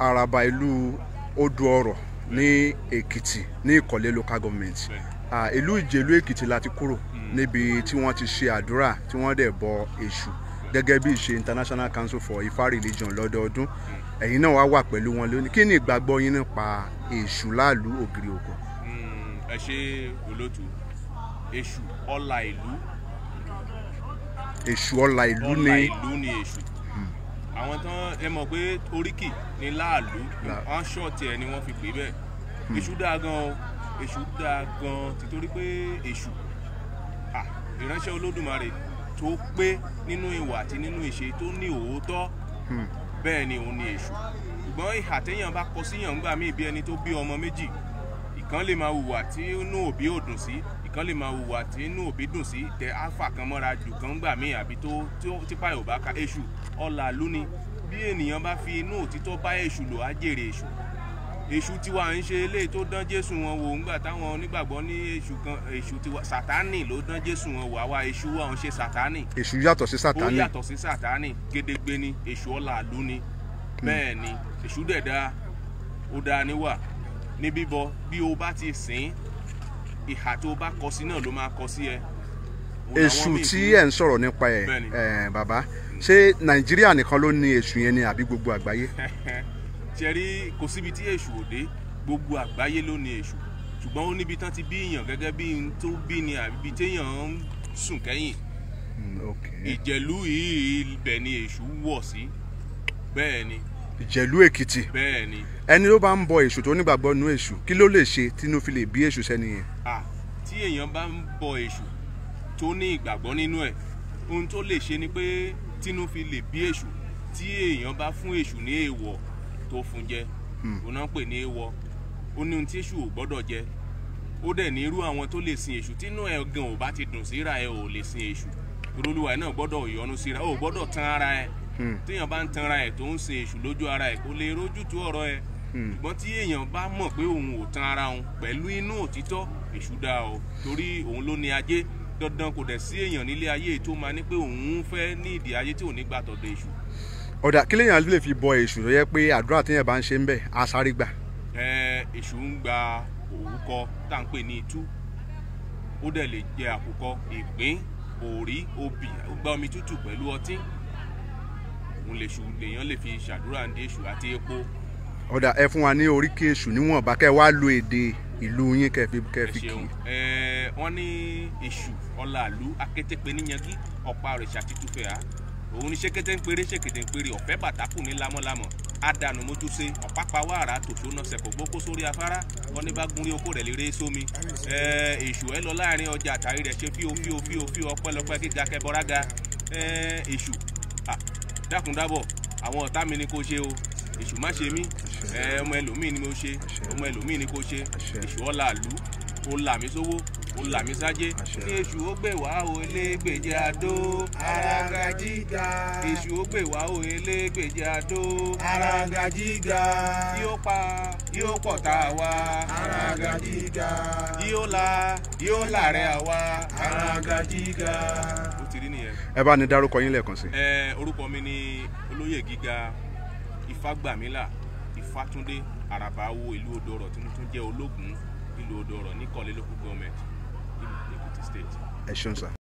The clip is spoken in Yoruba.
Araba ìlú odò ọ̀rọ̀ ní èkìtì ní ìkọ̀lé local government ìlú ìjẹ̀lú èkìtì láti kúrò hmm. níbi tí wọ́n ti ṣe àdúrà tí wọ́n dẹ̀ bọ èṣù gẹ́gẹ́ bí ìṣe international council for ifá religion lọ́dọọdún hmm. ẹ̀yin náà wá wà pẹ̀lú wọn lónìí kí ni ìgbàgbọ́ yín nípa èṣù láàlú ògiri òkò. Hmm, ẹ ṣe olótú èṣù ọlà ìlú. èṣù ọlà ìlú ni. ọlà ìlú ni èṣù àwọn tán ẹ mọ̀ pé oríkì ni láàlú wọn ṣọ́ọ̀tì ẹ ni wọ́n fi pè bẹ́ẹ̀ hmm. èṣù dáa gan o èṣù dáa gan títorí pé èṣù ìránṣẹ́ olódùmarè tó pé nínú ìwà àti nínú ìṣe tó ní òótọ́ hmm. bẹ́ẹ̀ ni òun ni èṣù ṣùgbọ́n ìhà téèyàn bá kọ síyàn ńgbà míì bí ẹni tó bí ọmọ méjì ìkan lè máa hùwà tí inú òbí ò dùn sí ìkan lè máa hùwà tí inú òbí dùn sí tẹ áfà kan mọ́ra jù kan gbà míì àbí tó típa yorùbá ka èṣù ọ̀là lúni bí ènìyàn bá fi inú òtítọ́ bá èṣù lò á jèrè èṣù èṣù tiwa ń ṣe eléyìí tó dán jésù wọn wò ńgbà táwọn onígbàgbọ́ ní èṣù kan èṣù tiwa sátánì ló dán jésù wọn wò àwa èṣù wa ń ṣe sátánì. èṣù yàtọ̀ sí sátánì. ó yàtọ̀ sí sátánì gédégbé ni èṣù ọ̀làlú ni hmm. bẹ́ẹ̀ ni èṣù dẹ̀ ó dáa níwà ní bíbọ bí o bá ti sìn ìhà tó bá kọ sí náà ló máa kọ sí ẹ. èṣù tí ẹ̀ ń sọ̀rọ̀ nípa ẹ̀ bàbá ṣé nàìjíríà nìkan ló ní èṣù yẹn ni àbí gbogbo àgbáyé. ṣẹ̀rí kò síbi tí èṣù ò dé gbogbo àgbáyé ló ní èṣù ṣùgbọ́n ó níbi tán ti bí èèyàn gẹ́gẹ́ bí n tó bí ni àbí téèyàn ń sùn kẹ́yìn hmm, ìjẹ̀lú yìí ibẹ̀ ni èṣù wọ̀ sí bẹ́ẹ̀ ni. Okay ìjẹ̀lú èkìtì ẹni ló bá ń bọ èṣù tó nígbàgbọ́ nú èṣù kí ló lè ṣe tínú fi lè bí èṣù sẹ́ni yẹn. tí èèyàn bá ń bọ èṣù tó ní ìgbàgbọ́ nínú ẹ̀ ohun tó lè ṣe ni pé tínú fi lè bí èṣù tí èèyàn bá fún èṣù ní èèwọ̀ tó fún jẹ hmm. òun náà pè ní èèwọ̀ ó ní ohun tí èṣù ò gbọ́dọ̀ jẹ ó dẹ̀ ní irú àwọn tó lè sin èṣù tínú ẹ̀ gan ò bá ti dùn síra ẹ̀ ò lè sin èṣù olúwa ẹ náà gbọ́dọ̀ yọ́nú síra ó gbọ́dọ̀ tan ara ẹ hmm. téèyàn bá ń tan ara ẹ tó ń ṣe èṣù lójú ara ẹ kó lè rójútu ọ̀rọ̀ ẹ hmm. ṣùgbọ́n tí èèyàn bá mọ̀ pé òun ò tan ara òun pẹ̀lú inú òtítọ́ èṣù dá o torí òun ló ní ajé dandan kò dẹ̀ sí èèyàn nílé ayé tó máa ní pé òun fẹ́ ní ìdí ayé tí ò ní gbà tọ̀dọ̀ èṣù. ọ̀dà kí lèèyàn lè fi bọ èṣù tó yẹ pé àdúrà téèyàn bá ń ṣe ń bẹ̀ á sáré gbà. ẹ èṣù ń gba òwúkọ tá à ń pè ní itú ó dẹ̀ lè jẹ àkùkọ ìpín òrí obì gba omi tútù pẹ̀lú ọtí òun lèṣù lèèyàn lè fi ṣàdúrà ní èṣù àti epo. ọ̀dà ẹ fún wa ní oríkì èṣù níwọ̀nba kẹ́ ẹ wá lo èdè ìlú yín kẹ́ ẹ fi kẹ́ ẹ fi kì í. wọ́n ní èṣù ọ̀làlú akétépe níyanjú ọ̀pá òrìṣà títúfẹ́ à òun ní ṣékété ń péré ṣékété ń péré ọ̀fẹ́ bàtà ní lámọ́lámọ́ adànù mojúse ọ̀pápá wàrà tòṣónà sẹ̀kọ̀ gbókó sórí afárá wọn ní bá gúnrí oko rẹ̀ léré sómi èṣù ẹ lọ láàrin ọjà àtàrí rẹ̀ ṣe fíò fíò fíò fíò ọpẹ́lọpẹ́ gíga kẹbọrága èṣù dákúndábọ̀ àwọn ọ̀tá mi ni kò ṣe o èṣù má ṣe mí ọmọ ẹlòmíì ni mo ṣe ọmọ ẹlòmíì ni kò ṣe èṣù ọ̀làlú ó là mí sówó olùlàmísájé ní èṣù ó gbè wá o elégbèje adó. àràǹgàjìgà. èṣù ó gbè wá o elégbèje adó. pa tí pọ̀ tá wá. àràǹgàjìgà. tí la tí ó làárẹ̀ àwa. àràǹgàjìgà. ó ti rí nìyẹn. ẹ bá ní dárúkọ yín lẹ́ẹ̀kan sí. ẹ orúkọ mi ni olóyè gíga ìfagbàmílà ìfàtúndé àràbáwo ìlú odò ọ̀rọ̀ tí mo tún jẹ́ ológun ìlú odò ọ̀rọ̀ ní kọ́lé local government I State. Ẹ sir.